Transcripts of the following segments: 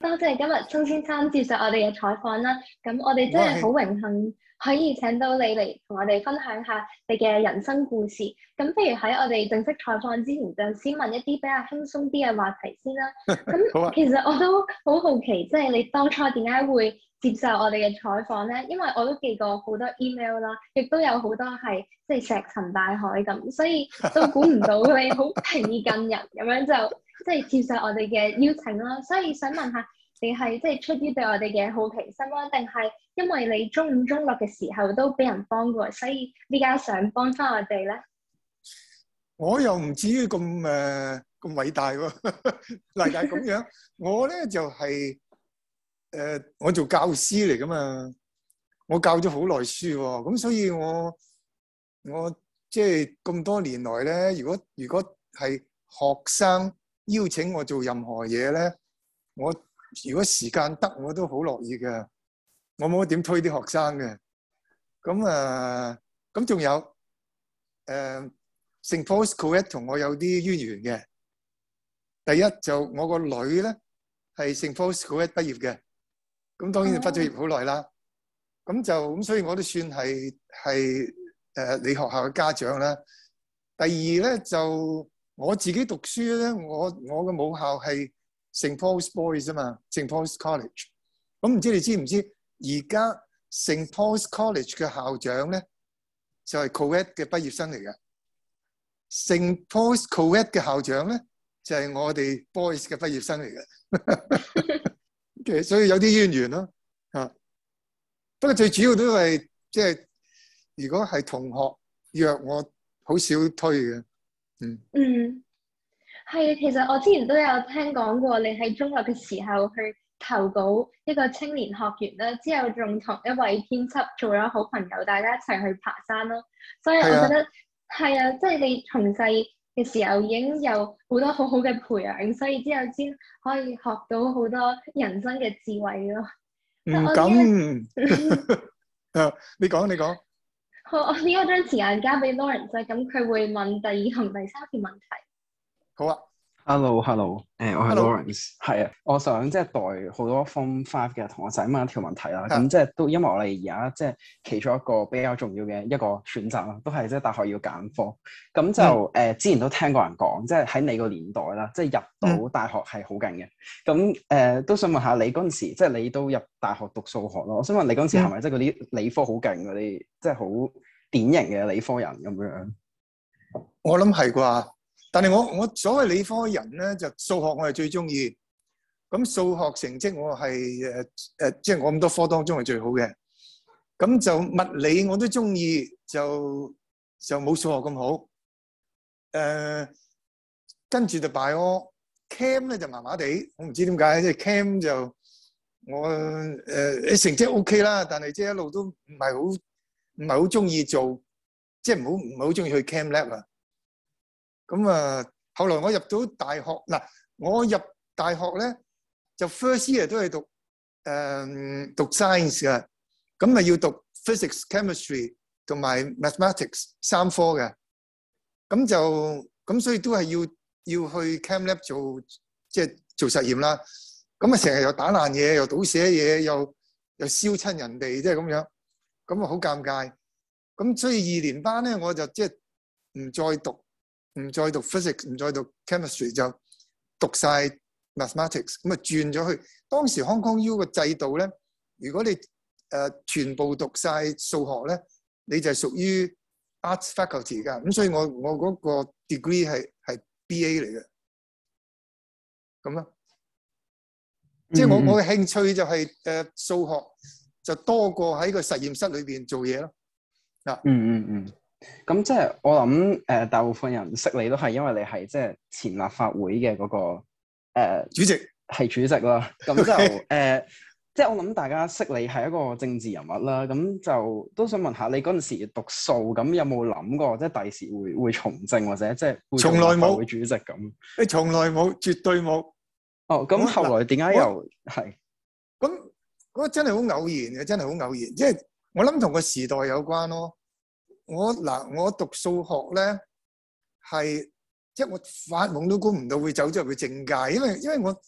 多謝今日曾先生接受我哋嘅採訪啦。咁我哋真係好榮幸可以請到你嚟同我哋分享下你嘅人生故事。咁譬如喺我哋正式採訪之前，就先問一啲比較輕鬆啲嘅話題先啦。咁其實我都好好奇，即係你當初點解會接受我哋嘅採訪咧？因為我都寄過好多 email 啦，亦都有好多係即係石沉大海咁，所以都估唔到你好平易近人咁樣就。 即係接受我哋嘅邀請啦，所以想問下，你係即係出於對我哋嘅好奇心咯，定係因為你中五中六嘅時候都俾人幫過，所以呢家想幫翻我哋咧？我又唔至於咁誒咁偉大喎，嗱 咁樣，我咧就係、是、誒、呃，我做教師嚟噶嘛，我教咗好耐書喎，咁所以我我即係咁多年來咧，如果如果係學生，邀請我做任何嘢咧，我如果時間得我都好樂意嘅。我冇乜點推啲學生嘅。咁啊，咁、呃、仲有，誒、呃，St. Paul's Co-Ed 同我有啲淵源嘅。第一就我個女咧係 St. Paul's Co-Ed 畢業嘅，咁當然畢、嗯、咁就畢咗業好耐啦。咁就咁，所以我都算係係誒你學校嘅家長啦。第二咧就。我自己讀書咧，我我嘅母校係 St. Paul's Boys 啊嘛，St. Paul's College。咁、嗯、唔知你知唔知而家 St. Paul's College 嘅校長咧就係、是、Co-Ed 嘅畢業生嚟嘅，St. Paul's Co-Ed 嘅校長咧就係、是、我哋 Boys 嘅畢業生嚟嘅， okay，所以有啲淵源咯吓，不過最主要都係即係如果係同學約我，好少推嘅。嗯，嗯，係啊，其實我之前都有聽講過你喺中學嘅時候去投稿一個青年學園啦，之後仲同一位編輯做咗好朋友，大家一齊去爬山咯。所以我覺得，係啊，即係你從細嘅時候已經有好多好好嘅培養，所以之後先可以學到好多人生嘅智慧咯。咁，你講，你講。好，我、這、呢個將時間交俾 Lawrence，咁佢會問第二同第三條問題。好啊。hello hello，誒、uh, Hello.，我係 Lawrence，係啊。我想即係、就是、代好多 form five 嘅同學仔問一條問題啦，咁即係都因為我哋而家即係其中一個比較重要嘅一個選擇啦，都係即係大學要揀科，咁就誒 Yeah.、呃、之前都聽過人講，即係喺你個年代啦，即、就、係、是、入到大學係好勁嘅，咁誒 Yeah.、呃、都想問下你嗰陣時，即、就、係、是、你都入大學讀數學咯，我想問你嗰陣時係咪即係嗰啲理科好勁嗰啲，即係好典型嘅理科人咁樣？我諗係啩。但係我我所謂理科人咧，就數學我係最中意，咁數學成績我係誒誒，即、呃、係、呃就是、我咁多科當中係最好嘅。咁就物理我都中意，就就冇數學咁好。誒、呃，跟住就 BIO CHEM 咧就麻麻地，我唔知點解即係 CHEM 就我誒、呃、成績 OK 啦，但係即係一路都唔係好唔係好中意做，即係唔好唔好中意去 CHEM lab 啊。咁啊，後來我入到大學嗱，我入大學咧就 first year 都係讀誒 science 嘅，咁、嗯、咪要讀 physics、chemistry 同埋 mathematics 三科嘅，咁就咁所以都係要要去 chem lab 做即係、就是、做實驗啦。咁啊成日又打爛嘢，又倒瀉嘢，又又燒親人哋，即係咁樣，咁啊好尷尬。咁所以二年班咧，我就即係唔再讀。唔再讀 physics，唔再讀 chemistry，就讀晒 mathematics。咁啊轉咗去。當時 Hong Kong U 嘅制度咧，如果你誒、呃、全部讀晒數學咧，你就係屬於 arts faculty 㗎。咁所以我我嗰個 degree 係係 BA 嚟嘅，咁咯。Mm hmm. 即係我我嘅興趣就係誒數學，就多過喺個實驗室裏邊做嘢咯。嗱、啊，嗯嗯嗯。Hmm. 咁即係我諗，誒、呃，大部分人識你都係因為你係即係前立法會嘅嗰、那個誒、呃、主席，係主席啦。咁就誒、 呃，即係我諗大家識你係一個政治人物啦。咁就都想問下你嗰陣時讀數，咁有冇諗過即係第時會會從政或者即係會做立法會主席咁？你從來冇。嗯，絕對冇。哦，咁後來點解又係？咁嗰我是、那個、真係好偶然嘅，真係好偶然。即係我諗同個時代有關咯。我嗱，我讀數學咧，係即係我發夢都估唔到會走咗入去政界，因為因為我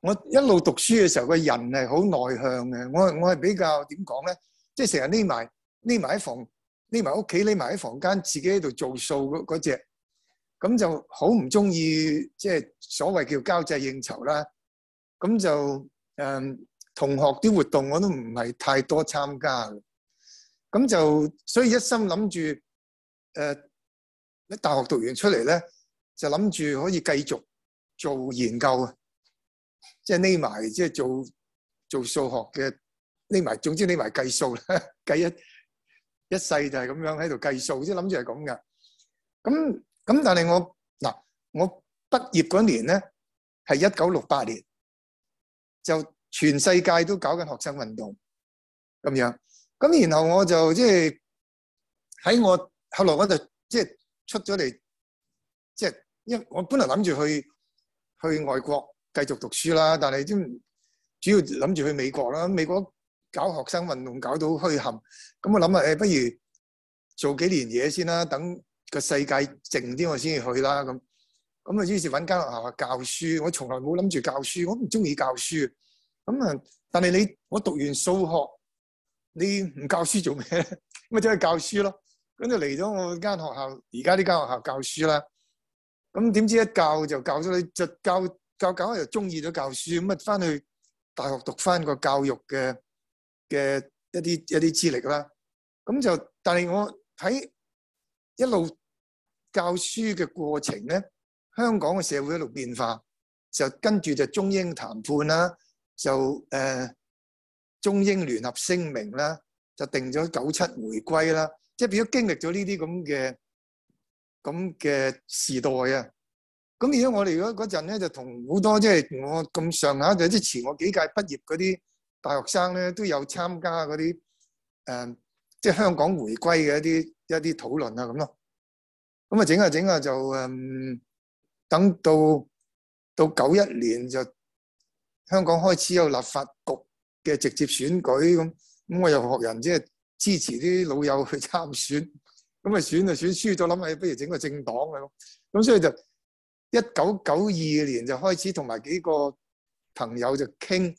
我一路讀書嘅時候，個人係好內向嘅，我係我係比較點講咧，即係成日匿埋匿埋喺房匿埋屋企匿埋喺房間，自己喺度做數嗰、嗰隻，咁就好唔中意即係所謂叫交際應酬啦。咁就誒，同學啲活動我都唔係太多參加嘅。咁就所以一心諗住，誒，喺大學讀完出嚟，咧，就諗住可以繼續做研究，即係匿埋，即係做做數學嘅，匿埋，總之匿埋計數啦，計一一世就係咁樣喺度計數，即係諗住係咁㗎。咁咁，但係我嗱，我畢業嗰年咧係一九六八年，就全世界都搞緊學生運動，咁樣。咁然後我就即係喺我後來我就即係、就是、出咗嚟，即係因為我本來諗住去去外國繼續讀書啦，但係即主要諗住去美國啦。美國搞學生運動搞到墟冚，咁我諗下，誒、哎，不如做幾年嘢先啦，等個世界靜啲，我先去啦。咁咁啊，於是揾間學校教書，我從來冇諗住教書，我唔中意教書。咁啊，但係你我讀完數學。你唔教書做咩？咁咪走去教書咯，咁就嚟咗我間學校，而家呢間學校教書啦。咁點知一教就教咗，就教教教下又中意咗教書，咁啊翻去大學讀翻個教育嘅嘅一啲一啲資歷啦。咁就但係我喺一路教書嘅過程咧，香港嘅社會一路變化，就跟住就中英談判啦，就誒。呃中英聯合聲明啦，就定咗九七回歸啦，即係變咗經歷咗呢啲咁嘅咁嘅時代啊，咁而家我哋如果嗰陣咧，就同好多即係我咁上下就即前我幾屆畢業嗰啲大學生咧，都有參加嗰啲誒，即係香港回歸嘅一啲一啲討論啊咁咯。咁啊，整下整下就誒，等到到九一年就香港開始有立法局。嘅直接選舉咁，咁我又學人即係支持啲老友去參選，咁啊選就選，選輸咗，諗起不如整個政黨啊咁，咁所以就一九九二年就開始同埋幾個朋友就傾，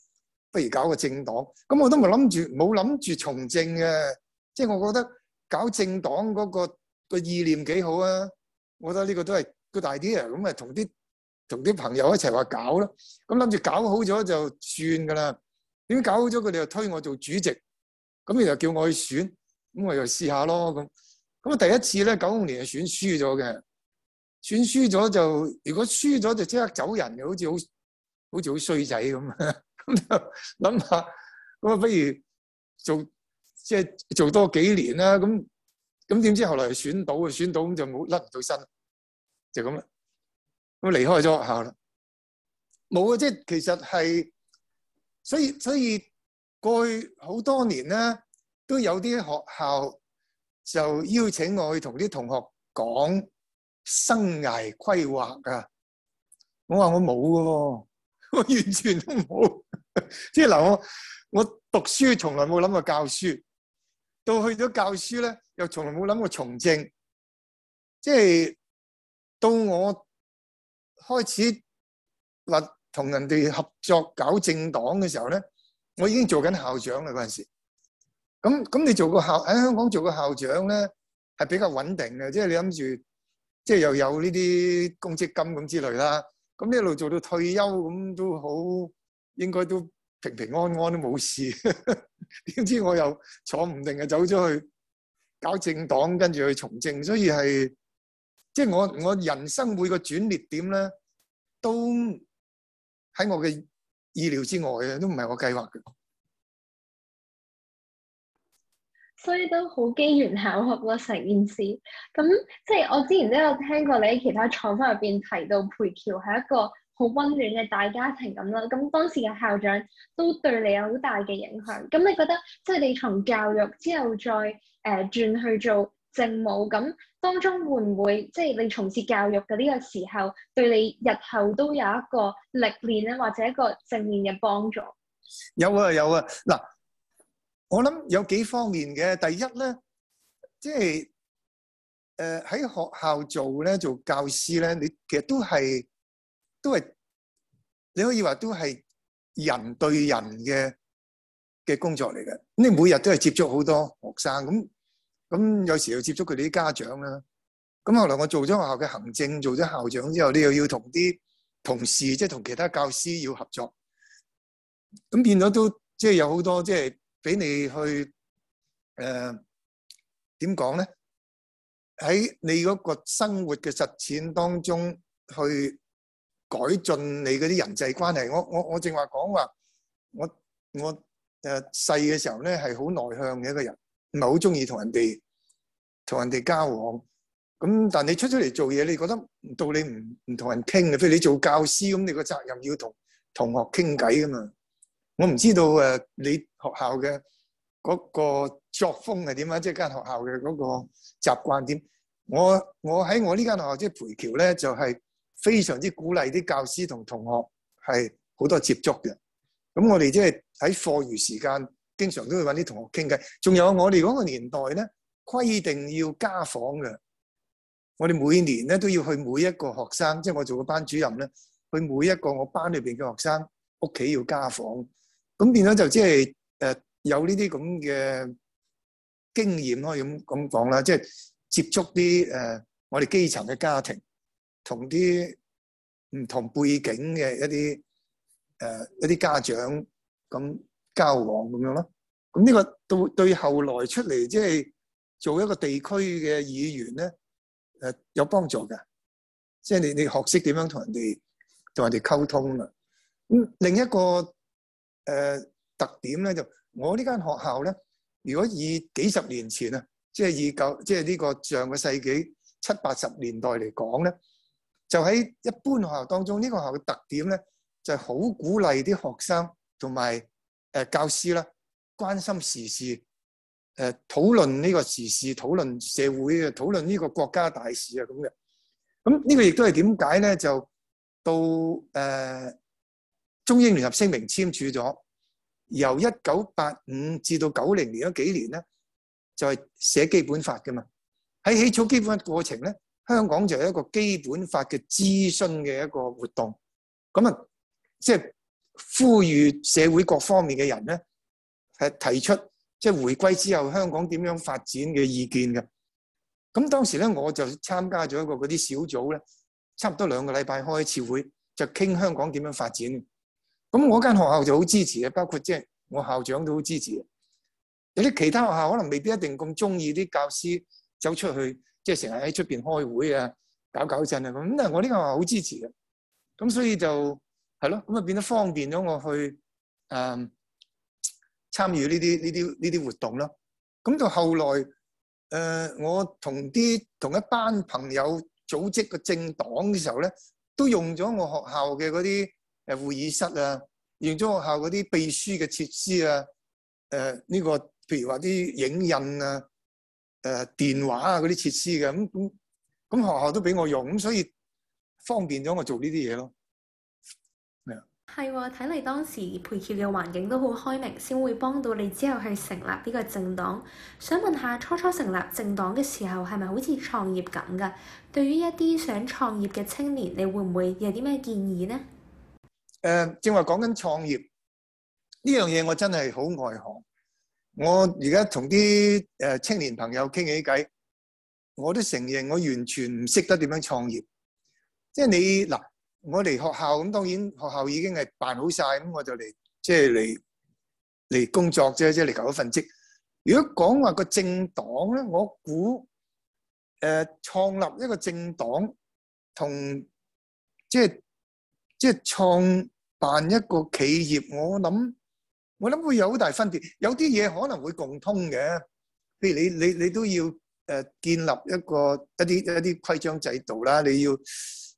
不如搞個政黨。咁我都唔諗住冇諗住從政嘅，即係我覺得搞政黨嗰個意念幾好啊！我覺得呢個都係個 idea，咁啊同啲同啲朋友一齊話搞咯，咁諗住搞好咗就算噶啦。點搞咗，佢哋又推我做主席，咁就叫我去選，咁我又試下咯。咁咁啊，第一次咧，九五年就選輸咗嘅，選輸咗就如果輸咗就即刻走人嘅，好似好好似好衰仔咁。咁就諗下，咁啊，不如做即係做，做多幾年啦。咁咁點知後來就選到，選到咁就冇甩唔到身，就咁啦。咁離開咗學校啦。冇啊，即係其實係。所以所以過去好多年咧，都有啲學校就邀請我去同啲同學講生涯規劃啊。我話我冇嘅喎，我完全都冇。即係嗱，我我讀書從來冇諗過教書，到去咗教書咧，又從來冇諗過從政。即係，到我開始話，同人哋合作搞政黨嘅時候咧，我已經做緊校長啦，嗰陣時，咁咁你做個校喺香港做個校長咧，係比較穩定嘅，即係你諗住，即係又有呢啲公積金咁之類啦。咁一路做到退休咁都好，應該都平平安安都冇事。點知我又坐唔定啊，走咗去搞政黨，跟住去從政，所以係，即係我我人生每個轉捩點咧，都。喺我嘅意料之外嘅，都唔係我計劃嘅，所以都好機緣巧合咯，成件事。咁即係我之前都有聽過你喺其他廠方入邊提到培僑係一個好温暖嘅大家庭咁啦。咁當時嘅校長都對你有好大嘅影響。咁你覺得即係你從教育之後再誒、呃、轉去做政務咁當中會唔會即係、就是，你從事教育嘅呢個時候，對你日後都有一個歷練咧，或者一個正面嘅幫助？有啊，有啊，嗱，我諗有幾方面嘅。第一咧，即係誒喺學校做咧做教師咧，你其實都係都係你可以話都係人對人嘅嘅工作嚟嘅。咁你每日都係接觸好多學生咁。咁有時候要接觸佢哋啲家長啦，咁後來我做咗學校嘅行政，做咗校長之後，你又要同啲同事，即係同其他教師要合作，咁變咗都即係、就是、有好多即係俾你去誒點講咧？喺、呃、你嗰個生活嘅實踐當中去改進你嗰啲人際關係。我我我正話講話，我我誒細嘅時候咧係好內向嘅一個人。唔係好中意同人哋同人哋交往，咁但係你出出嚟做嘢，你覺得到你唔唔同人傾嘅，譬如你做教師咁，你個責任要同同學傾偈噶嘛？我唔知道誒，你學校嘅嗰個作風係點啊？即係間學校嘅嗰個習慣點？我我喺我呢間學校，即係培僑咧，就係非常之鼓勵啲教師同同學係好多接觸嘅。咁我哋即係喺課餘時間。經常都會揾啲同學傾偈，仲有我哋嗰個年代咧規定要家訪嘅，我哋每年咧都要去每一個學生，即係我做個班主任咧，去每一個我班裏邊嘅學生屋企要家訪，咁變咗就即係誒有呢啲咁嘅經驗可以咁咁講啦，即係接觸啲誒、呃、我哋基層嘅家庭，同啲唔同背景嘅一啲誒、呃、一啲家長咁。交往咁樣咯，咁呢個對對後來出嚟，即係做一個地區嘅議員咧，誒有幫助嘅，即係你你學識點樣同人哋同人哋溝通啦。咁另一個誒特點咧就，我呢間學校咧，如果以幾十年前啊，即係以舊即係呢個上個世紀七八十年代嚟講咧，就喺一般學校當中呢個學校嘅特點咧，就係好鼓勵啲學生同埋。誒教師啦，關心時事，誒討論呢個時事，討論社會啊，討論呢個國家大事啊，咁嘅。咁、這個、呢個亦都係點解咧？就到誒、呃、中英聯合聲明簽署咗，由一九八五至到九零年嗰幾年咧，就係、是、寫基本法嘅嘛。喺起草基本法嘅過程咧，香港就係一個基本法嘅諮詢嘅一個活動。咁啊，即係。呼籲社會各方面嘅人咧，係提出即係、就是、回歸之後香港點樣發展嘅意見嘅。咁當時咧，我就參加咗一個嗰啲小組咧，差唔多兩個禮拜開一次會，就傾香港點樣發展的。咁我間學校就好支持嘅，包括即係我校長都好支持。有啲其他學校可能未必一定咁中意啲教師走出去，即係成日喺出邊開會啊，搞搞震啊。咁但係我呢個學校好支持嘅。咁所以就。係咯，咁啊變咗方便咗我去誒參與呢啲呢啲呢啲活動咯。咁到後來誒、呃，我同啲同一班朋友組織個政黨嘅時候咧，都用咗我學校嘅嗰啲誒會議室啊，用咗學校嗰啲秘書嘅設施啊，誒、呃、呢、這個譬如話啲影印啊、誒、呃、電話啊嗰啲設施嘅，咁咁咁學校都俾我用，咁所以方便咗我做呢啲嘢咯。係，睇嚟當時培僑嘅環境都好開明，先會幫到你之後去成立呢個政黨。想問下，初初成立政黨嘅時候，係咪好似創業咁噶？對於一啲想創業嘅青年，你會唔會有啲咩建議呢？誒、呃，正話講緊創業呢樣嘢，我真係好外行。我而家同啲誒青年朋友傾起偈，我都承認我完全唔識得點樣創業。即係你嗱。我嚟學校咁，當然學校已經係辦好晒，咁我就嚟即係嚟嚟工作啫，即係嚟求一份職。如果講話個政黨咧，我估誒創立一個政黨同即係即係創辦一個企業，我諗我諗會有好大分別。有啲嘢可能會共通嘅，譬如你你你都要誒建立一個一啲一啲規章制度啦，你要。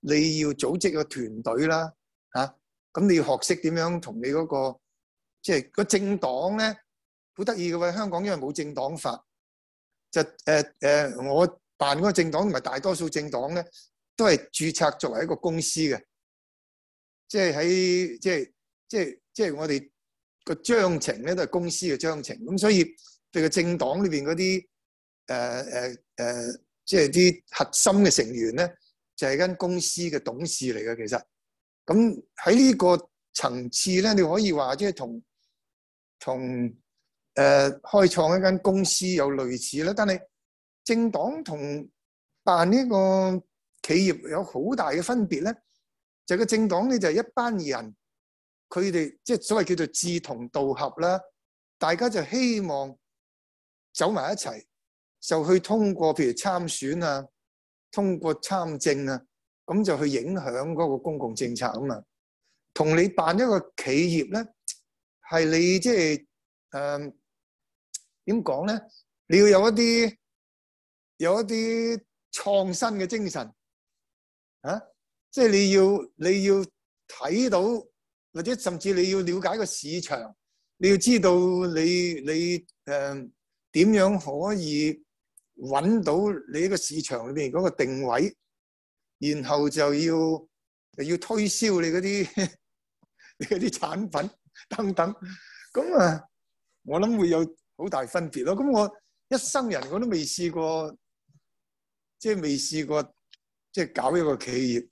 你要組織個團隊啦，嚇、啊！咁你要學識點樣同你嗰、那個，即、就、係、是、個政黨咧，好得意嘅喎。香港因為冇政黨法，就誒誒、呃呃，我辦嗰個政黨同埋大多數政黨咧，都係註冊作為一個公司嘅，即係喺即係即係即係我哋個章程咧都係公司嘅章程。咁所以對個政黨裏邊嗰啲誒誒誒，即係啲核心嘅成員咧，就係間公司嘅董事嚟嘅，其實咁喺呢個層次咧，你可以話即係同同誒開創一間公司有類似啦。但係政黨同辦呢個企業有好大嘅分別咧，就係個政黨咧就係一班人，佢哋即係所謂叫做志同道合啦，大家就希望走埋一齊，就去通過譬如參選啊。通過參政啊，咁就去影響嗰個公共政策啊嘛。同你辦一個企業咧，係你即係誒點講咧？你要有一啲有一啲創新嘅精神啊！即係你要你要睇到，或者甚至你要了解個市場，你要知道你你誒點樣可以。揾到你呢個市場裏邊嗰個定位，然後就要就要推銷你嗰啲你啲產品等等，咁啊，我諗會有好大分別咯。咁我一生人我都未試過，即係未試過即係搞一個企業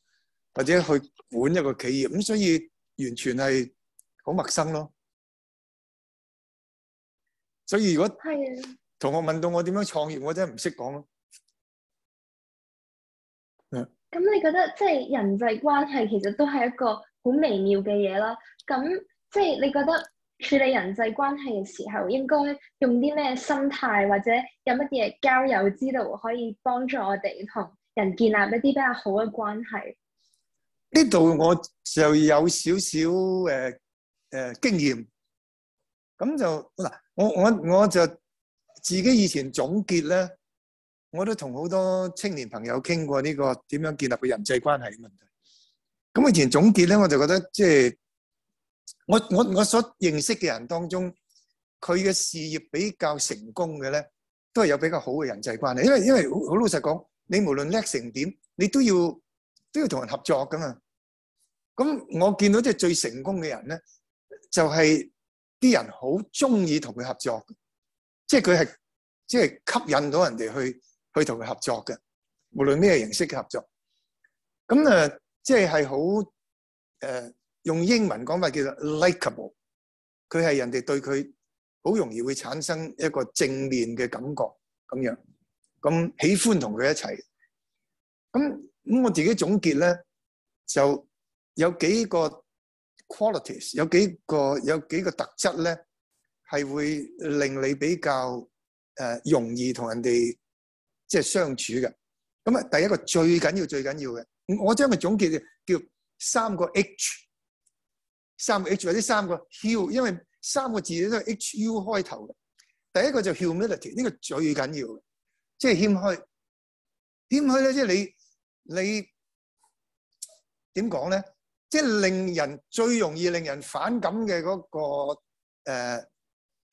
或者去管一個企業，咁所以完全係好陌生咯。所以如果，係啊。同我問到我點樣創業，我真係唔識講咯。咁你覺得即係人際關係其實都係一個好微妙嘅嘢啦。咁即係你覺得處理人際關係嘅時候，應該用啲咩心態或者有乜嘢交友之道，可以幫助我哋同人建立一啲比較好嘅關係？呢度我就有少少誒誒經驗。咁就嗱，我我我就。自己以前總結咧，我都同好多青年朋友傾過呢個點樣建立嘅人際關係嘅問題。咁以前總結咧，我就覺得即係我我我所認識嘅人當中，佢嘅事業比較成功嘅咧，都係有比較好嘅人際關係。因為因為好老實講，你無論叻成點，你都要都要同人合作噶嘛。咁我見到即係最成功嘅人咧，就係啲人好中意同佢合作。即係佢係，即係吸引到人哋去去同佢合作嘅，無論咩形式嘅合作。咁啊，即係係好誒，用英文講法叫做 likable。佢係人哋對佢好容易會產生一個正面嘅感覺，咁樣咁喜歡同佢一齊。咁咁我自己總結咧，就有幾個 qualities，有幾個有幾個特質咧。係會令你比較誒容易同人哋即係相處嘅。咁啊，第一個最緊要、最緊要嘅，我將佢總結叫三個 H，三個 H 或者三個 Hu，因為三個字都係 H-U 開頭嘅。第一個就 Humility，呢個最緊要嘅，即係謙虛。謙虛咧，即係你你點講咧？即係令人最容易令人反感嘅嗰個、呃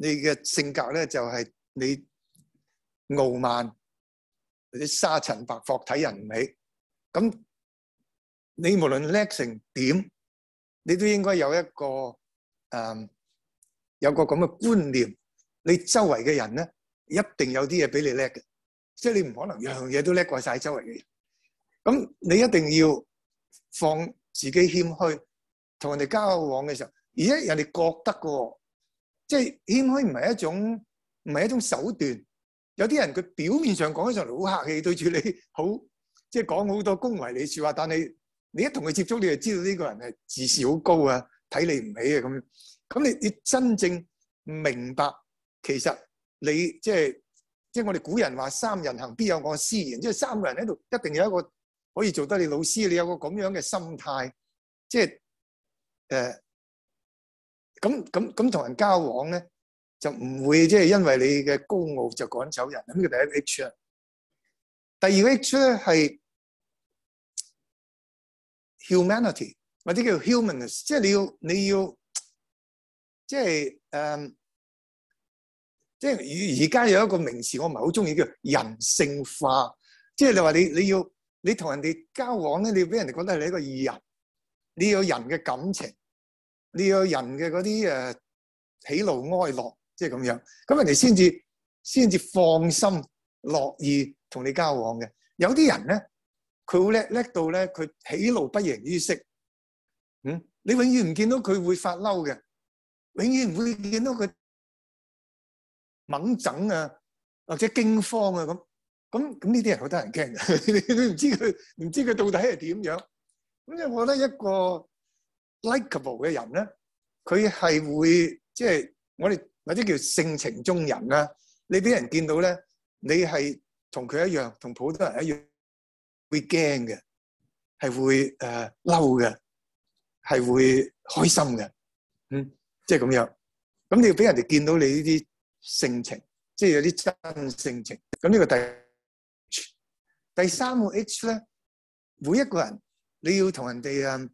你嘅性格咧就係你傲慢，你沙塵白霍睇人唔起。咁你無論叻成點，你都應該有一個誒，有個咁嘅觀念。你周圍嘅人咧，一定有啲嘢比你叻嘅，即係你唔可能樣樣嘢都叻過曬周圍嘅人。咁你一定要放自己謙虛，同人哋交往嘅時候，而且人哋覺得個。即係謙虛唔係一種唔係一種手段。有啲人佢表面上講起上嚟好客氣，對住你好，即係講好多恭維你説話，但係你一同佢接觸，你就知道呢個人係自視好高啊，睇你唔起啊咁。咁你你真正明白，其實你即係即係我哋古人話三人行必有我師焉，即係三個人喺度一定有一個可以做得你老師，你有個咁樣嘅心態，即係誒。呃咁咁咁同人交往咧，就唔會即係因為你嘅高傲就趕走人。咁叫第一個 H 啊。第二 H 咧係 humanity 或者叫 humaneness，即係你要你要即係誒，即係而而家有一個名詞我唔係好中意叫人性化，即係你話你你要你同人哋交往咧，你要俾人哋覺得係你一個人，你要有人嘅感情。你個人嘅嗰啲誒喜怒哀樂，即係咁樣，咁人哋先至先至放心樂意同你交往嘅。有啲人咧，佢好叻叻到咧，佢喜怒不形於色。嗯，你永遠唔見到佢會發嬲嘅，永遠唔會見到佢猛整啊，或者驚慌啊咁。咁咁呢啲人好得人驚嘅，你你唔知佢唔知佢到底係點樣。咁所以我覺得一個。Likeable 嘅人咧，佢係會即係我哋或者叫性情中人啦。你俾人見到咧，你係同佢一樣，同普通人一樣，會驚嘅，係會誒嬲嘅，係會開心嘅，嗯，即係咁樣。咁你要俾人哋見到你呢啲性情，即係有啲真性情。咁呢個第第三個 H 咧，每一個人你要同人哋誒。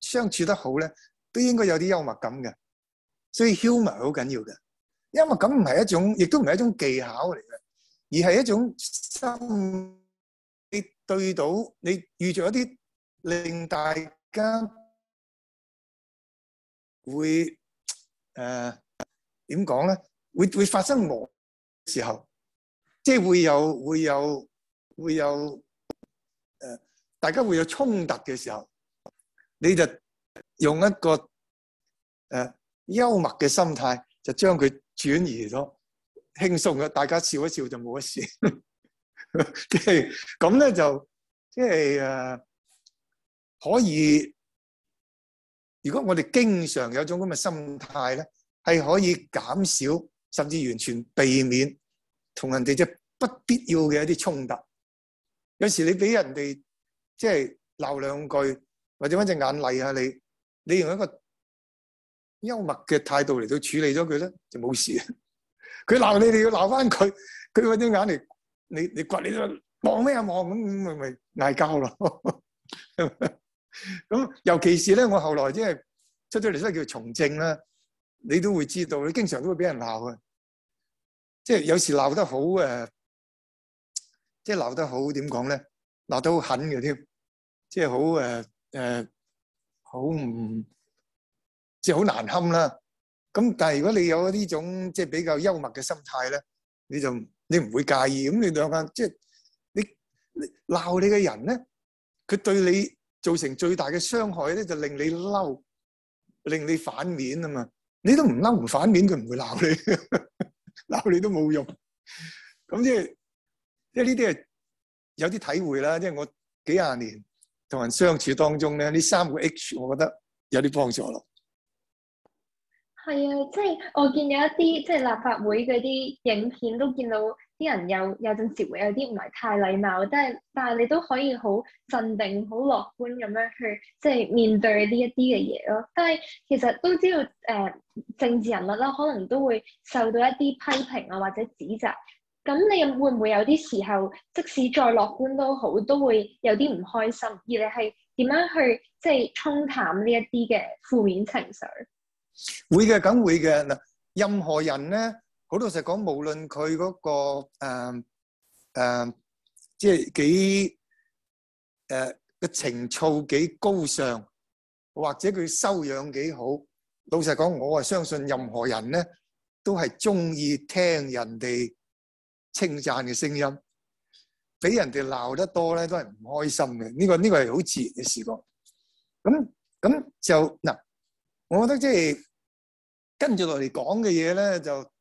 相處得好咧，都應該有啲幽默感嘅，所以 humour 好緊要嘅。幽默感唔係一種亦都唔係一種技巧嚟嘅，而係一種心理。你對到你遇着一啲令大家會誒點講咧？會會發生磨擦嘅時候，即係會有會有會有誒、呃、大家會有衝突嘅時候。你就用一個誒、呃、幽默嘅心態，就將佢轉移咗，輕鬆嘅，大家笑一笑就冇乜事。即係咁咧，就即係誒、呃、可以。如果我哋經常有種咁嘅心態咧，係可以減少甚至完全避免同人哋即係不必要嘅一啲衝突。有時你俾人哋即係鬧兩句。或者搵隻眼嚟下你，你用一個幽默嘅態度嚟到處理咗佢咧，就冇事。佢鬧你，你要鬧翻佢，佢搵隻眼嚟，你你掘你望咩啊？望咁咪咪嗌交咯。咁 尤其是咧，我後來即係出咗嚟，即係叫從政啦，你都會知道，你經常都會俾人鬧嘅。即係有時鬧得好誒，即係鬧得好點講咧？鬧得好狠嘅添，即係好誒。誒，好唔即係好難堪啦。咁但係如果你有呢種即係、就是、比較幽默嘅心態咧，你就你唔會介意。咁你兩份即係你鬧你嘅人咧，佢對你造成最大嘅傷害咧，就令你嬲、令你反面啊嘛。你都唔嬲唔反面，佢唔會鬧你，鬧 你都冇用。咁即係即係呢啲係有啲體會啦。即、就、係、是、我幾廿年，同人相處當中咧，呢三個 H，我覺得有啲幫助咯。係啊，即係我見有一啲即係立法會嗰啲影片都見到啲人有有陣時會有啲唔係太禮貌，但係但係你都可以好鎮定、好樂觀咁樣去即係面對呢一啲嘅嘢咯。但係其實都知道誒、呃，政治人物啦，可能都會受到一啲批評啊或者指責。咁你會唔會有啲時候，即使再樂觀都好，都會有啲唔開心？而你係點樣去即係沖淡呢一啲嘅負面情緒？會嘅，梗會嘅嗱。任何人咧，好老實講，無論佢嗰、嗰個誒即係幾誒個、呃、情操幾高尚，或者佢修養幾好，老實講，我係相信任何人咧，都係中意聽人哋稱讚嘅聲音，俾人哋鬧得多咧，都係唔開心嘅。呢、這個呢、這個係好自然嘅事。角。咁咁就嗱，我覺得即、就、係、是、跟住落嚟講嘅嘢咧，就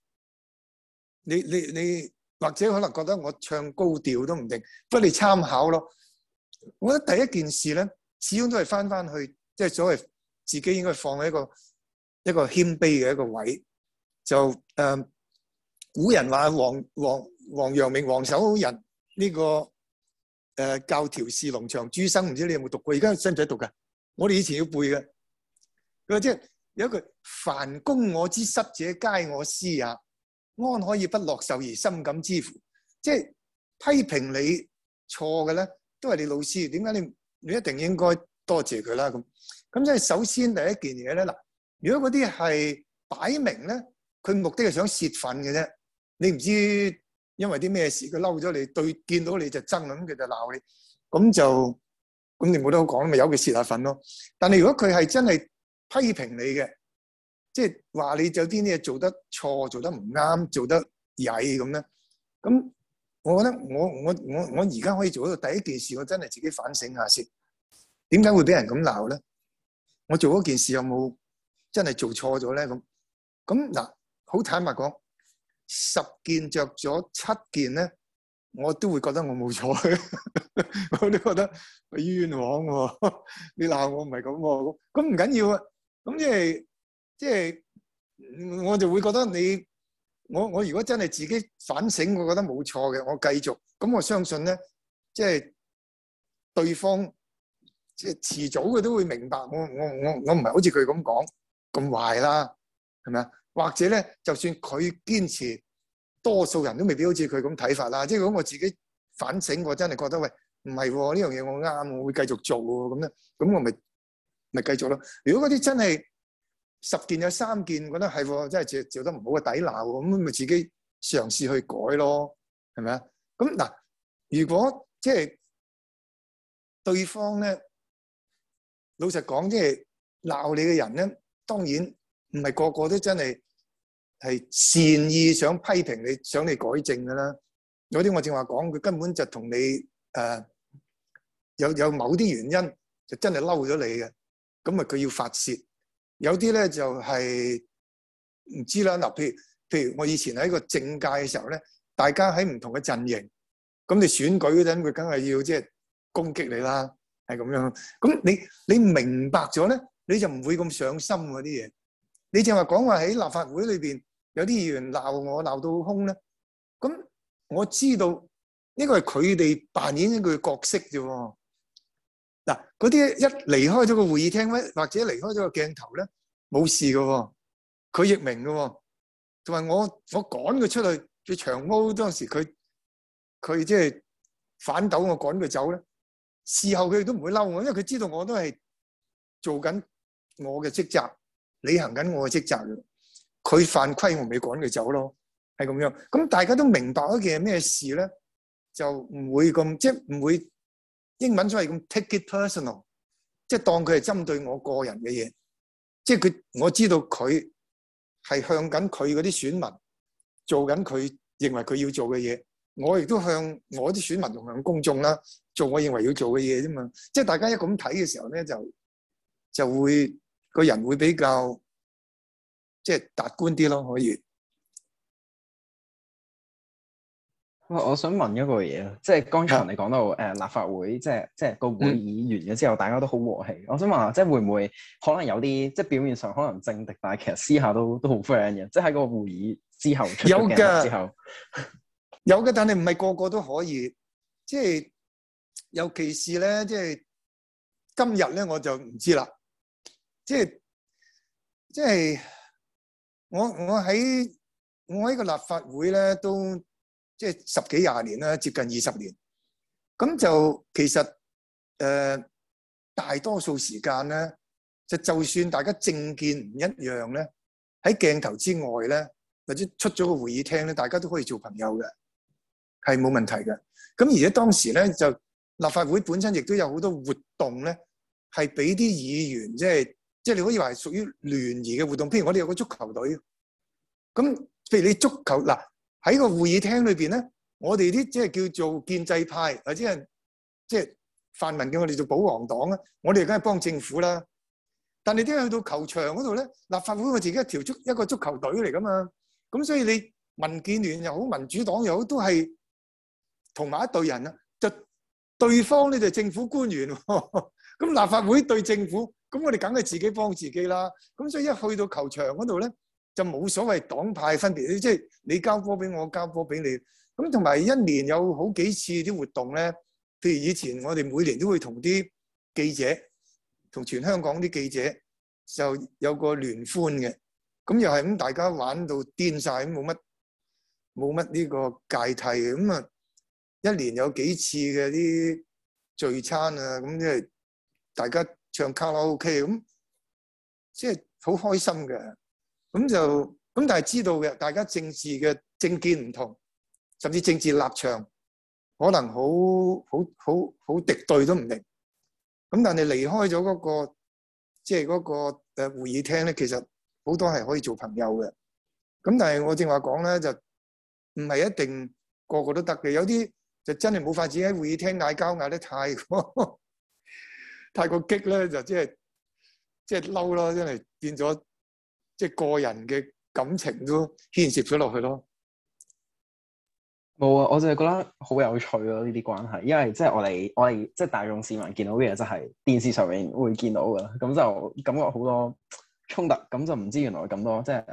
你你你或者可能覺得我唱高調都唔定，不過你參考咯。我覺得第一件事咧，始終都係返返去，即、就、係、是、所謂自己應該放喺一個一個謙卑嘅一個位。就誒、呃，古人話王王。王王陽明、王守仁呢、這個誒、呃、教條示龍場諸生，唔知你有冇讀過？而家使唔使讀噶？我哋以前要背嘅，佢話即係有一句：凡攻我之失者，皆我師也。安可以不樂受而心感之乎？即係、嗯、批評你錯嘅咧，都係你老師。點解你你一定應該多謝佢啦？咁咁即係首先第一件嘢咧，嗱，如果嗰啲係擺明咧，佢目的係想泄憤嘅啫，你唔知。因為啲咩事佢嬲咗你，對見到你就憎，咁佢就鬧你，咁就咁你冇得好講，咪由佢泄下憤咯。但係如果佢係真係批評你嘅，即係話你有啲嘢做得錯，做得唔啱，做得曳咁咧，咁我覺得我我我我而家可以做到第一件事，我真係自己反省下先。點解會俾人咁鬧咧？我做嗰件事有冇真係做錯咗咧？咁咁嗱，好坦白講。十件着咗七件咧，我都會覺得我冇錯 我都覺得我冤枉喎。你鬧我唔係咁，咁唔緊要啊。咁即係即係，我就會覺得你我我如果真係自己反省，我覺得冇錯嘅，我繼續。咁我相信咧，即係對方即係遲早佢都會明白，我我我我唔係好似佢咁講咁壞啦，係咪啊？或者咧，就算佢堅持，多數人都未必好似佢咁睇法啦。即係如果我自己反省，我真係覺得喂，唔係喎，呢樣嘢，這件事我啱，我會繼續做喎。咁咧，咁我咪咪繼續咯。如果嗰啲真係十件有三件我覺得係喎，真係做做得唔好嘅抵鬧，咁咪自己嘗試去改咯，係咪啊？咁嗱，如果即係對方咧，老實講，即係鬧你嘅人咧，當然。唔係個個都真係係善意想批評你，想你改正噶啦。有啲我正話講，佢根本就同你誒、呃、有有某啲原因，就真係嬲咗你嘅。咁咪佢要發洩。有啲咧就係、是、唔知啦。嗱，譬如譬如我以前喺個政界嘅時候咧，大家喺唔同嘅陣營，咁你選舉嗰陣，佢梗係要即係攻擊你啦，係咁樣。咁你你明白咗咧，你就唔會咁上心嗰啲嘢。你淨係講話喺立法會裏邊有啲議員鬧我鬧到好空咧，咁我知道呢個係佢哋扮演佢個角色啫。嗱，嗰啲一離開咗個會議廳咧，或者離開咗個鏡頭咧，冇事噶。佢亦明噶，同埋我我趕佢出去，佢長毛當時佢佢即係反斗我趕佢走咧，事後佢哋都唔會嬲我，因為佢知道我都係做緊我嘅職責。履行緊我嘅職責，佢犯規，我咪趕佢走咯，係咁樣。咁大家都明白一件咩事咧，就唔會咁即係唔會英文所謂咁 take it personal，即係當佢係針對我個人嘅嘢。即係佢我知道佢係向緊佢嗰啲選民做緊佢認為佢要做嘅嘢，我亦都向我啲選民同埋公眾啦做我認為要做嘅嘢啫嘛。即係大家一咁睇嘅時候咧，就就會。個人會比較即係達觀啲咯，可以。我我想問一個嘢，即係剛才你講到誒、啊呃、立法會，即係即係個會議完咗之後，大家都好和氣。嗯、我想問下，即係會唔會可能有啲即係表面上可能政敵，但係其實私下都都好 friend 嘅，即係喺個會議之後出嚟之後，有嘅，但係唔係個個都可以，即係尤其是咧，即係今日咧，我就唔知啦。即係即係我我喺我喺個立法會咧，都即係十幾廿年啦，接近二十年。咁就其實誒、呃、大多數時間咧，就就算大家政見唔一樣咧，喺鏡頭之外咧，或者出咗個會議廳咧，大家都可以做朋友嘅，係冇問題嘅。咁而且當時咧，就立法會本身亦都有好多活動咧，係俾啲議員即係。就是即係你可以話係屬於聯誼嘅活動，譬如我哋有個足球隊，咁譬如你足球嗱喺、啊、個會議廳裏邊咧，我哋啲即係叫做建制派，或者係即係泛民叫我哋做保皇黨啊，我哋梗係幫政府啦。但係點解去到球場嗰度咧？立法會我自己一條足一個足球隊嚟噶嘛，咁所以你民建聯又好，民主黨又好，都係同埋一隊人啦。就對方咧就是政府官員，咁、啊、立法會對政府。咁我哋梗係自己幫自己啦，咁所以一去到球場嗰度咧，就冇所謂黨派分別，即係你交波俾我，交波俾你。咁同埋一年有好幾次啲活動咧，譬如以前我哋每年都會同啲記者，同全香港啲記者就有個聯歡嘅。咁又係咁，大家玩到癲晒，冇乜冇乜呢個界題嘅。咁啊，一年有幾次嘅啲聚餐啊，咁即係大家。唱卡拉 OK 咁，即係好開心嘅。咁就咁，但係知道嘅，大家政治嘅政見唔同，甚至政治立場可能好好好好敵對都唔定。咁但係離開咗嗰個，即係嗰個誒會議廳咧，其實好多係可以做朋友嘅。咁但係我正話講咧，就唔係一定個個都得嘅，有啲就真係冇法子喺會議廳嗌交，嗌得太多。太過激咧，就即係即係嬲咯，真係變咗即係個人嘅感情都牽涉咗落去咯。冇啊，我就係覺得好有趣咯呢啲關係，因為即係我哋我哋即係大眾市民見到嘅嘢，就係電視上面會見到噶啦，咁就感覺好多衝突，咁就唔知原來咁多，即係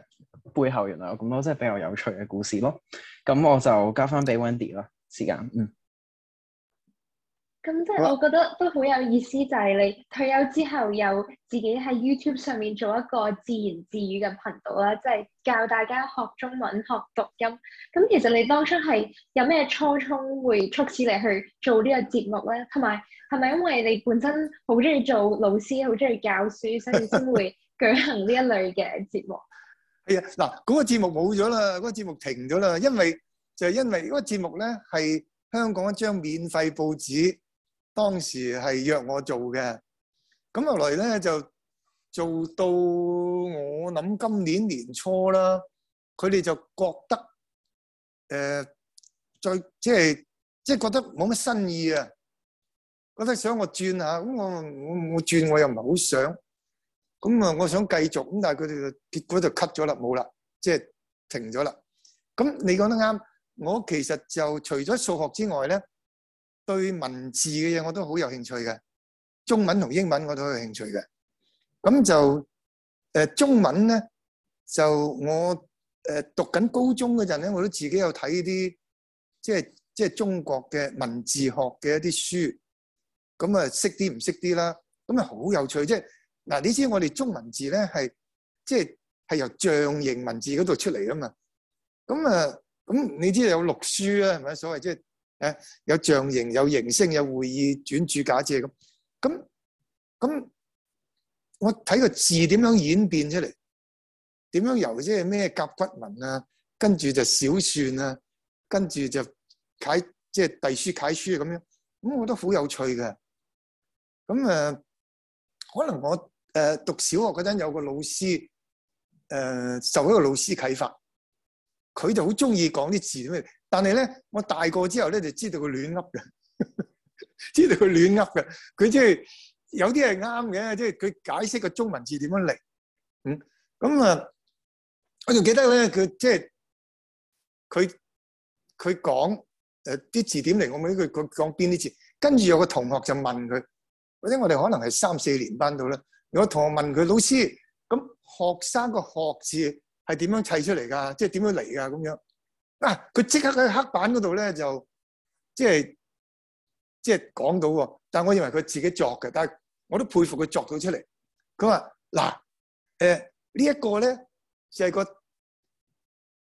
背後原來有咁多即係比較有趣嘅故事咯。咁我就交翻俾 Wendy 啦，時間嗯。咁即係我覺得都好有意思，就係你退休之後有自己喺 YouTube 上面做一個自言自語嘅頻道啦，即係教大家學中文、學讀音。咁其實你當初係有咩初衷會促使你去做呢個節目咧？同埋係咪因為你本身好中意做老師，好中意教書，所以先會舉行呢一類嘅節目？係啊， 嗱，嗰個節目冇咗啦，嗰個節目停咗啦，因為就係因為嗰個節目咧係香港一張免費報紙。當時係約我做嘅，咁後來咧就做到我諗今年年初啦，佢哋就覺得誒，再即係即係覺得冇乜新意啊，覺得想我轉下，咁我我我轉我又唔係好想，咁啊我想繼續，咁但係佢哋就結果就 cut 咗啦，冇啦，即係停咗啦。咁你講得啱，我其實就除咗數學之外咧。對文字嘅嘢我都好有興趣嘅，中文同英文我都好有興趣嘅。咁就誒、呃，中文咧就我誒、呃、讀緊高中嗰陣咧，我都自己有睇啲即係即係中國嘅文字學嘅一啲書，咁啊識啲唔識啲啦。咁啊好有趣，即係嗱，你知我哋中文字咧係即係係由象形文字嗰度出嚟噶嘛？咁啊咁，你知道有六書啦，係咪所謂即係？誒，有象形，有形聲，有會意轉注假借咁。咁咁，我睇個字點樣演變出嚟，點樣由即係咩甲骨文啊，跟住就小篆啊，跟住就楷，即係隸書楷書咁樣，咁我都好有趣嘅。咁誒、呃，可能我誒、呃、讀小學嗰陣有個老師，誒、呃、受一個老師啟發，佢就好中意講啲字咩？但係咧，我大個之後咧，就知道佢亂噏嘅，知道佢亂噏嘅。佢即係有啲係啱嘅，即係佢解釋個中文字點樣嚟。嗯，咁啊，我仲記得咧，佢即係佢佢講誒啲字點嚟。我唔知佢講邊啲字。跟住有個同學就問佢，或者我哋可能係三四年班度咧，有個同學問佢老師：咁學生個學字係點樣砌出嚟噶？即係點樣嚟噶？咁樣。嗱，啊，佢即刻喺黑板嗰度咧，就即係即係講到喎。但我認為佢自己作嘅，但係我都佩服佢作到出嚟。佢話嗱，誒呢一個咧就係個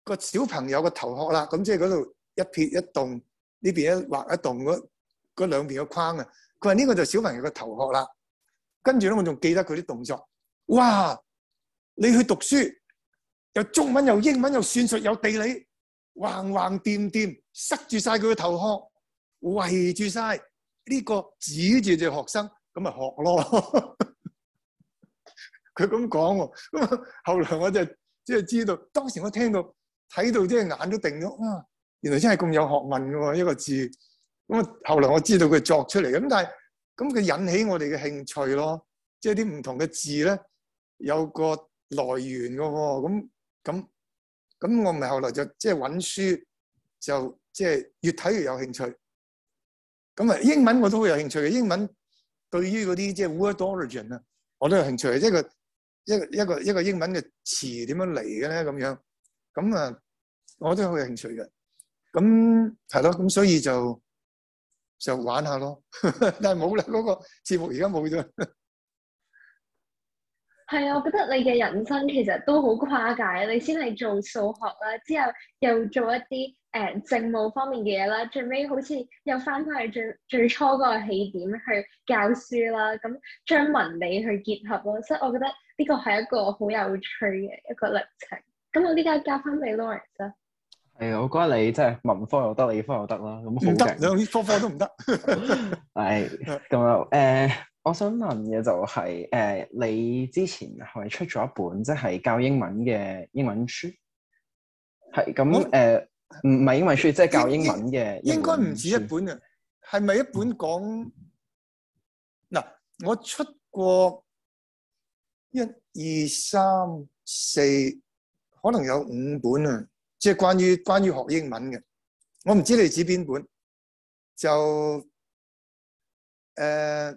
個小朋友嘅頭殼啦。咁即係嗰度一撇一動呢邊一畫一動嗰嗰兩邊嘅框啊。佢話呢個就係小朋友嘅頭殼啦。跟住咧，我仲記得佢啲動作。哇！你去讀書又中文又英文又算術又地理。橫橫掂掂，塞住晒佢個頭殼，圍住晒呢個指住隻學生，咁咪學咯。佢咁講，咁啊，後來我就即係知道，當時我聽到睇到即係眼都定咗。啊，原來真係咁有學問噶一個字。咁啊，後來我知道佢作出嚟咁，但係咁佢引起我哋嘅興趣咯。即係啲唔同嘅字咧，有個來源噶。咁咁。那咁我咪後來就即係揾書，就即係、就是、越睇越有興趣。咁啊英文我都好有興趣嘅，英文對於嗰啲即係 word origin 啊，我都有興趣，一個一個一個一個英文嘅詞點樣嚟嘅咧咁樣。咁啊我都好有興趣嘅。咁係咯，咁所以就就玩一下咯， 但係冇啦，嗰個節目而家冇咗。係啊，我覺得你嘅人生其實都好跨界。你先係做數學啦，之後又做一啲誒、呃、政務方面嘅嘢啦，最尾好似又翻返去最最初嗰個起點去教書啦，咁將文理去結合咯，所以我覺得呢個係一個好有趣嘅一個歷程。咁我呢家交翻俾 Lawrence 啦。係啊，我覺得你真係文科又得，理科又得啦，咁好勁，兩科科都唔得。係咁啊，誒。呃我想問嘅就係，誒，你之前係咪出咗一本即係教英文嘅英文書？係咁，誒，唔係我，呃，英文書，即係教英文嘅。應該唔止一本啊，係咪一本講？嗱，我出過一二三四，可能有五本啊，即係關於關於學英文嘅。我唔知你指邊本，就誒。呃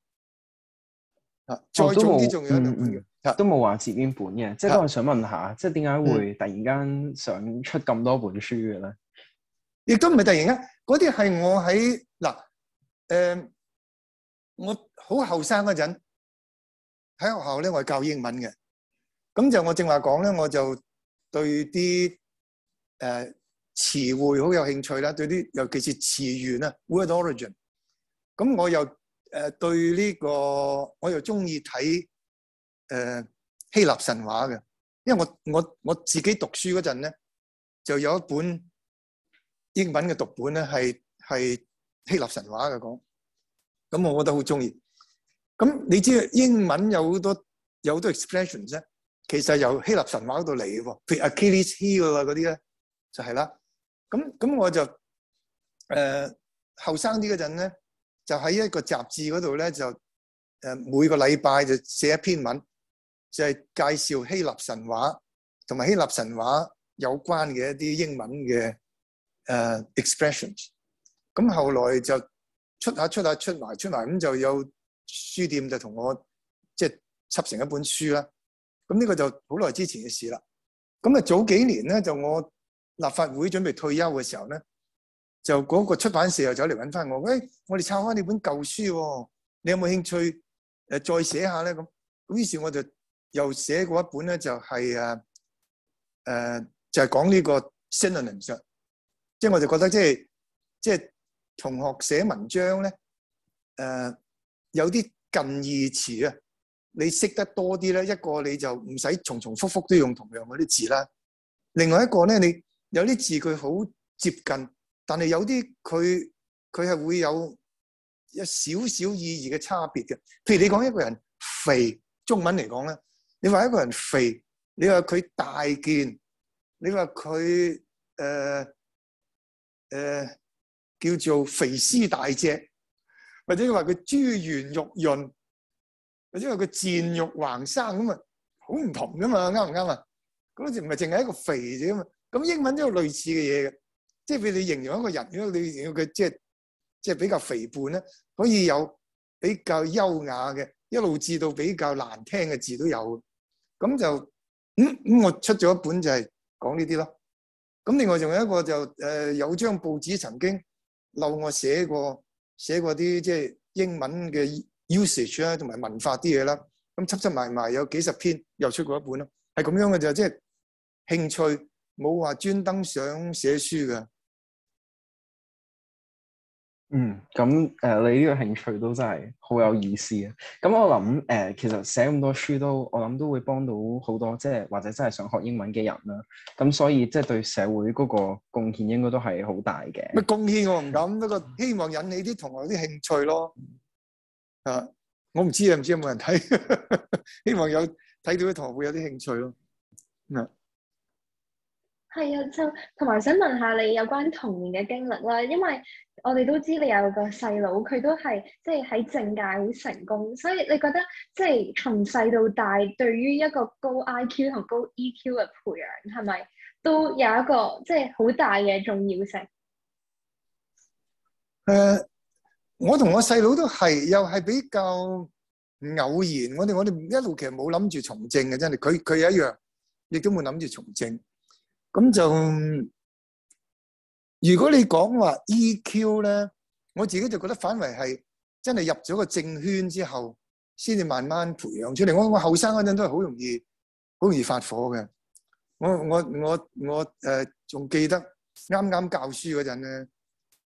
再做啲，仲、哦、有，嘢、嗯嗯嗯，都冇話自己本嘅，啊、即係我想問下，啊、即係點解會突然間想出咁多本書嘅咧？亦、嗯嗯、都唔係突然間，嗰啲係我喺嗱，誒、呃，我好後生嗰陣喺學校咧，我係教英文嘅，咁就我正話講咧，我就對啲誒詞彙好有興趣啦，對啲尤其是詞源啊，word origin，咁我又。誒、呃、對呢、呢個，我又中意睇誒希臘神話嘅，因為我我我自己讀書嗰陣咧，就有一本英文嘅讀本咧，係係希臘神話嘅講，咁、嗯、我覺得好中意。咁、嗯、你知道英文有好多有好多 expression 咧，其實由希臘神話嗰度嚟嘅喎，譬如 Achilles heel 嗰啲咧，就係、是、啦。咁、嗯、咁、嗯、我就誒後生啲嗰陣咧。呃就喺一個雜誌嗰度咧，就誒每個禮拜就寫一篇文，就係介紹希臘神話同埋希臘神話有關嘅一啲英文嘅誒 expressions。咁後來就出下出下出埋出埋，咁就有書店就同我即係輯成一本書啦。咁呢個就好耐之前嘅事啦。咁啊早幾年咧，就我立法會準備退休嘅時候咧。就嗰個出版社又走嚟搵返我，喂、哎，我哋抄返你本舊書喎、哦，你有冇興趣再寫下咧？咁咁於是我就又寫過一本咧、啊呃，就係、是、誒就係講呢個 synonyms，即係我就覺得即係即係同學寫文章咧、呃，有啲近義詞啊，你識得多啲咧，一個你就唔使重重覆覆都用同樣嗰啲字啦，另外一個咧你有啲字佢好接近。但係有啲佢佢係會有一少少意義嘅差別嘅。譬如你講一個人肥，中文嚟講咧，你話一個人肥，你話佢大件，你話佢誒誒叫做肥屍大隻，或者你話佢豬圓肉潤，或者話佢賤肉橫生咁啊，好唔同噶嘛？啱唔啱啊？嗰時唔係淨係一個肥啫嘛。咁英文都有類似嘅嘢嘅。即係俾你形容一個人，如果你形容佢即係即係比較肥胖咧，可以有比較優雅嘅，一路至到比較難聽嘅字都有。咁就嗯，咁、嗯、我出咗一本就係講呢啲咯。咁另外仲有一個就誒、是，有張報紙曾經漏我寫過寫過啲即係英文嘅 usage 啦，同埋文化啲嘢啦。咁輯輯埋埋有幾十篇，又出過一本咯。係咁樣嘅就即、是、係興趣。冇話專登想寫書嘅，嗯，咁誒、呃，你呢個興趣都真係好有意思啊！咁我諗，誒、呃，其實寫咁多書都，我諗都會幫到好多，即係或者真係想學英文嘅人啦。咁所以，即係對社會嗰個貢獻應該都係好大嘅。乜貢獻、啊、我唔敢，不過 希望引起啲同學啲興趣咯。啊、嗯，我唔知啊，唔知有冇人睇， 希望有睇到啲同學會有啲興趣咯。嗱、嗯。係啊，就同埋想問下你有關童年嘅經歷啦，因為我哋都知你有個細佬，佢都係即係喺政界好成功，所以你覺得即係從細到大，對於一個高 IQ 同高 EQ 嘅培養，係咪都有一個即係好大嘅重要性？誒、呃，我同我細佬都係，又係比較偶然，我哋我哋一路其實冇諗住從政嘅，真係，佢佢一樣亦都冇諗住從政。咁就如果你講話 E.Q. 咧，我自己就覺得反為係真係入咗個政圈之後，先至慢慢培養出嚟。我我後生嗰陣都係好容易，好容易發火嘅。我我我我誒，仲記得啱啱教書嗰陣咧，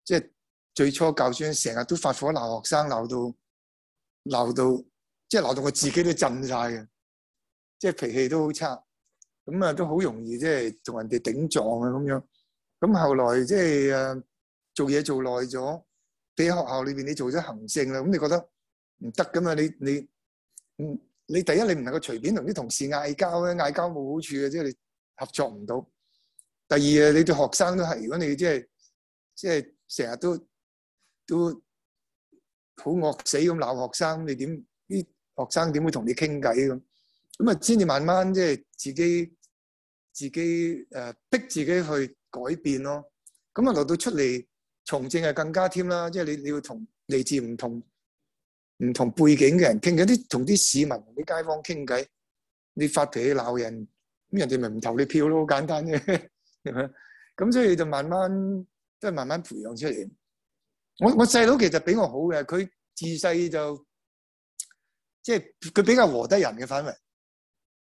即係最初教書成日都發火鬧學生，鬧到鬧到即係鬧到我自己都震晒嘅，即係脾氣都好差。咁啊，都好容易即係同人哋頂撞啊，咁樣。咁後來即係啊，做嘢做耐咗，畀學校裏邊你做咗行政啦，咁你覺得唔得噶嘛？你你嗯，你第一你唔能夠隨便同啲同事嗌交啊，嗌交冇好處嘅，即係你合作唔到。第二啊，你對學生都係，如果你即係即係成日都都好惡死咁鬧學生，你點啲學生點會同你傾偈咁？咁啊，先至慢慢即係自己。自己誒逼自己去改變咯，咁啊落到出嚟從政係更加添啦，即係你你要同嚟自唔同唔同背景嘅人傾，嗰啲同啲市民、同啲街坊傾偈，你發脾氣鬧人，咁人哋咪唔投你票咯，好簡單嘅，咁 所以就慢慢即係慢慢培養出嚟。我我細佬其實比我好嘅，佢自細就即係佢比較和得人嘅範圍。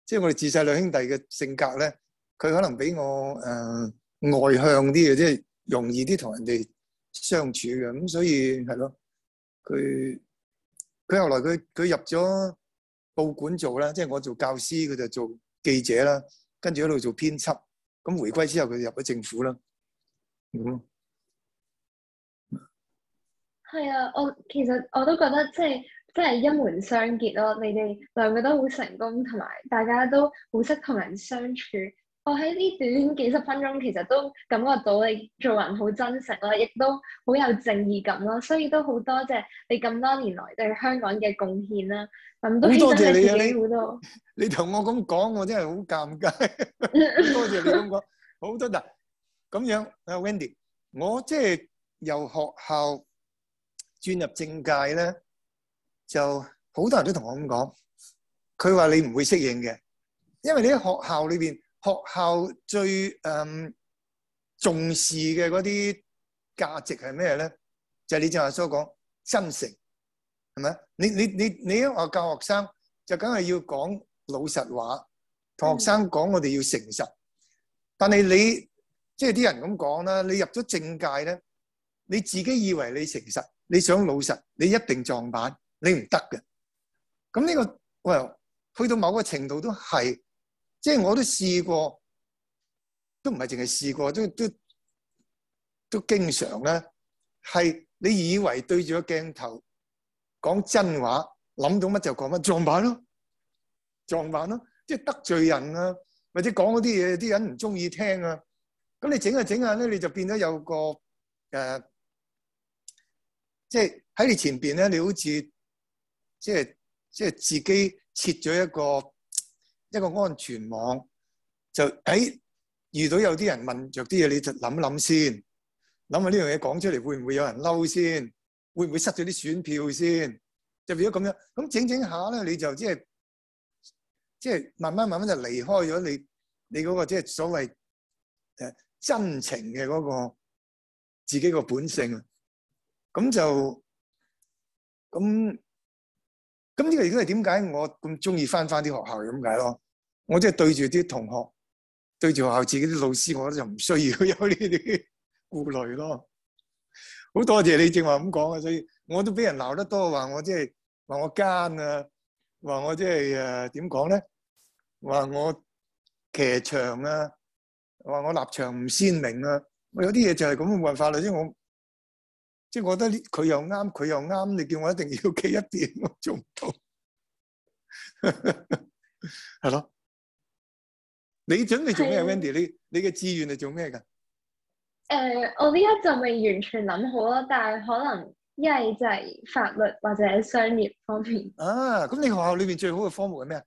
即係我哋自細兩兄弟嘅性格咧，佢可能比我誒、呃、外向啲嘅，即係容易啲同人哋相處嘅，咁所以係咯。佢佢後來佢佢入咗報館做啦，即係我做教師，佢就做記者啦，跟住喺度做編輯。咁回歸之後，佢入咗政府啦。咁咯。係啊，我其實我都覺得即係即係一門雙傑咯。你哋兩個都好成功，同埋大家都好識同人相處。我喺呢短幾十分鐘，其實都感覺到你做人好真實啦，亦都好有正義感啦，所以都好多謝你咁多年來對香港嘅貢獻啦。咁都多，多謝你啊！你你同我咁講，我真係好尷尬呵呵。多謝你咁講， 好多嗱。咁樣啊，Wendy，我即係由學校轉入政界咧，就好多人都同我咁講，佢話你唔會適應嘅，因為你喺學校裏邊。學校最誒、嗯、重視嘅嗰啲價值係咩咧？就係、是、你正華所講，真誠係咪？你你你你喺我教學生，就梗係要講老實話，同學生講，我哋要誠實。嗯、但係你即係啲人咁講啦，你入咗政界咧，你自己以為你誠實，你想老實，你一定撞板，你唔得嘅。咁呢、這個 w 去到某個程度都係。即係我都試過，都唔係淨係試過，都都都經常咧，係你以為對住個鏡頭講真話，諗到乜就講乜，撞板咯，撞板咯，即係得罪人啊，或者講嗰啲嘢啲人唔中意聽啊，咁你整下整下咧，你就變咗有個誒，即係喺你前邊咧，你好似即係即係自己設咗一個，一個安全網，就喺、欸、遇到有啲人問着啲嘢，你就諗諗先，諗下呢樣嘢講出嚟會唔會有人嬲先，會唔會失咗啲選票先？就如果咁樣，咁整整下咧，你就即係即係慢慢慢慢就離開咗你你嗰個即係所謂誒真情嘅嗰個自己個本性啊，咁就咁。咁咁呢個亦都係點解我咁鍾意返返啲學校咁解咯？我即係對住啲同學，對住學校自己啲老師，我覺得就唔需要有呢啲顧慮咯。好多謝你正話咁講啊！所以我都俾人鬧得多，話我即係話我奸啊，話我即係誒點講咧？話、呃我，就是呃、我騎牆啊，話我立場唔鮮明啊！我有啲嘢就係咁文法嚟，因為我。即係我覺得呢，佢又啱，佢又啱，你叫我一定要企一邊，我做唔到，係 咯。你準備做咩啊，Wendy？你你嘅志願係做咩噶？誒、呃，我呢一就未完全諗好咯，但係可能一就係法律或者商業方面。啊，咁你學校裏邊最好嘅科目係咩啊？誒、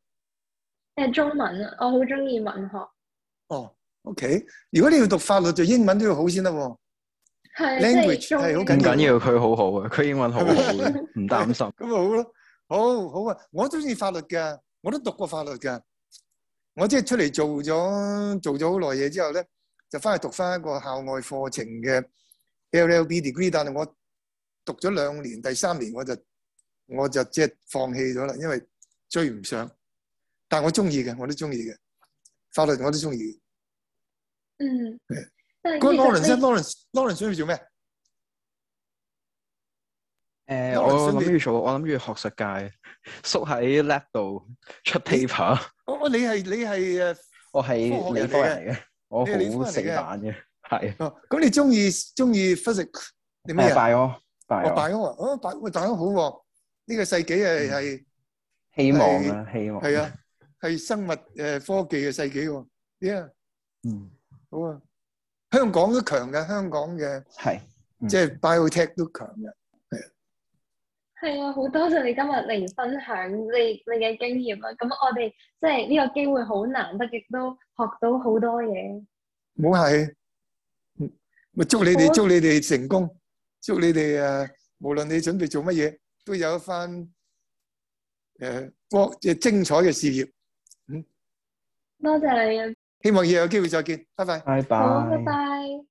呃，中文啊，我好中意文學。哦，OK，如果你要讀法律，就英文都要好先得喎。是 Language 係好緊要，佢好好啊，佢英文好好，唔擔 心。咁咪 好咯，好，好啊！我中意法律嘅，我都讀過法律嘅。我即係出嚟做咗做咗好耐嘢之後咧，就翻去讀翻一個校外課程嘅 LLB degree，但係我讀咗兩年，第三年我就我就即係放棄咗啦，因為追唔上。但我中意嘅，我都中意嘅，法律我都中意。嗯。 嗰個 Lawrence 先，Lawrence，Lawrence 想佢做咩？誒，我諗住做，我諗住學術界，縮喺 lab 度出 paper。哦，你係你係誒？我係理科人嚟嘅，我好死板嘅。係。咁你中意中意 physics？你咩人？大英，大英。大英喎，哦，大喂大英好喎，呢個世紀係係希望啊，希望。係啊，係生物誒科技嘅世紀喎。點啊？嗯。好啊。香港都強嘅，香港嘅係，即係 biotech 都強嘅，係、嗯、啊，係啊，好多謝你今日嚟分享你你嘅經驗啊。咁我哋即係呢個機會好難得，亦都學到好多嘢。冇係，咪祝你哋、啊、祝你哋成功，祝你哋誒，無論你準備做乜嘢，都有一番誒，即、呃、精彩嘅事業。嗯，多謝你啊！希望以後有機會再見，拜拜，拜拜，好，拜拜。